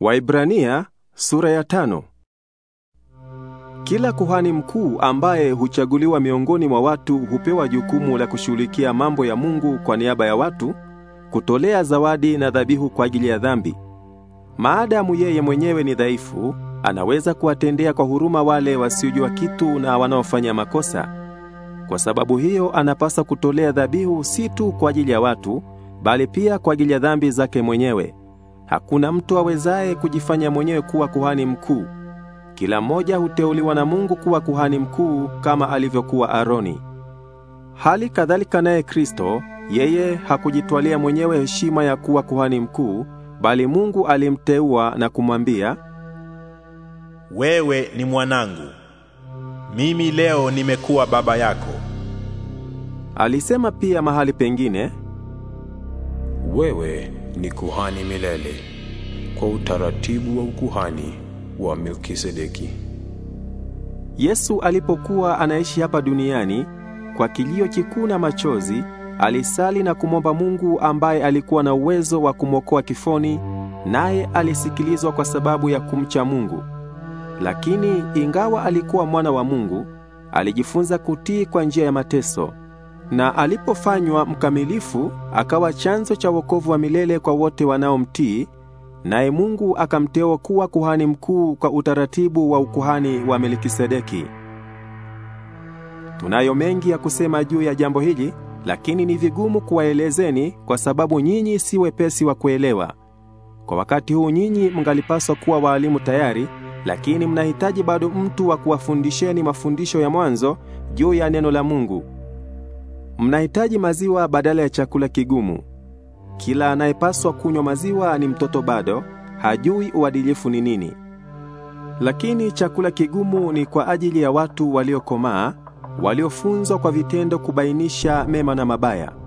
Waibrania sura ya tano. Kila kuhani mkuu ambaye huchaguliwa miongoni mwa watu hupewa jukumu la kushughulikia mambo ya Mungu kwa niaba ya watu, kutolea zawadi na dhabihu kwa ajili ya dhambi. Maadamu yeye mwenyewe ni dhaifu, anaweza kuwatendea kwa huruma wale wasiojua kitu na wanaofanya makosa. Kwa sababu hiyo anapaswa kutolea dhabihu si tu kwa ajili ya watu, bali pia kwa ajili ya dhambi zake mwenyewe. Hakuna mtu awezaye kujifanya mwenyewe kuwa kuhani mkuu. Kila mmoja huteuliwa na Mungu kuwa kuhani mkuu kama alivyokuwa Aroni. Hali kadhalika naye Kristo, yeye hakujitwalia mwenyewe heshima ya kuwa kuhani mkuu, bali Mungu alimteua na kumwambia, wewe ni mwanangu, mimi leo nimekuwa baba yako. Alisema pia mahali pengine wewe ni kuhani milele kwa utaratibu wa ukuhani wa Melkisedeki. Yesu alipokuwa anaishi hapa duniani kwa kilio kikuu na machozi, alisali na kumwomba Mungu ambaye alikuwa na uwezo wa kumwokoa kifoni, naye alisikilizwa kwa sababu ya kumcha Mungu. Lakini ingawa alikuwa mwana wa Mungu, alijifunza kutii kwa njia ya mateso na alipofanywa mkamilifu akawa chanzo cha wokovu wa milele kwa wote wanaomtii, naye Mungu akamteua kuwa kuhani mkuu kwa utaratibu wa ukuhani wa Melkisedeki. Tunayo mengi ya kusema juu ya jambo hili, lakini ni vigumu kuwaelezeni kwa sababu nyinyi si wepesi wa kuelewa. Kwa wakati huu nyinyi mngalipaswa kuwa waalimu tayari, lakini mnahitaji bado mtu wa kuwafundisheni mafundisho ya mwanzo juu ya neno la Mungu. Mnahitaji maziwa badala ya chakula kigumu. Kila anayepaswa kunywa maziwa ni mtoto bado, hajui uadilifu ni nini. Lakini chakula kigumu ni kwa ajili ya watu waliokomaa, waliofunzwa kwa vitendo kubainisha mema na mabaya.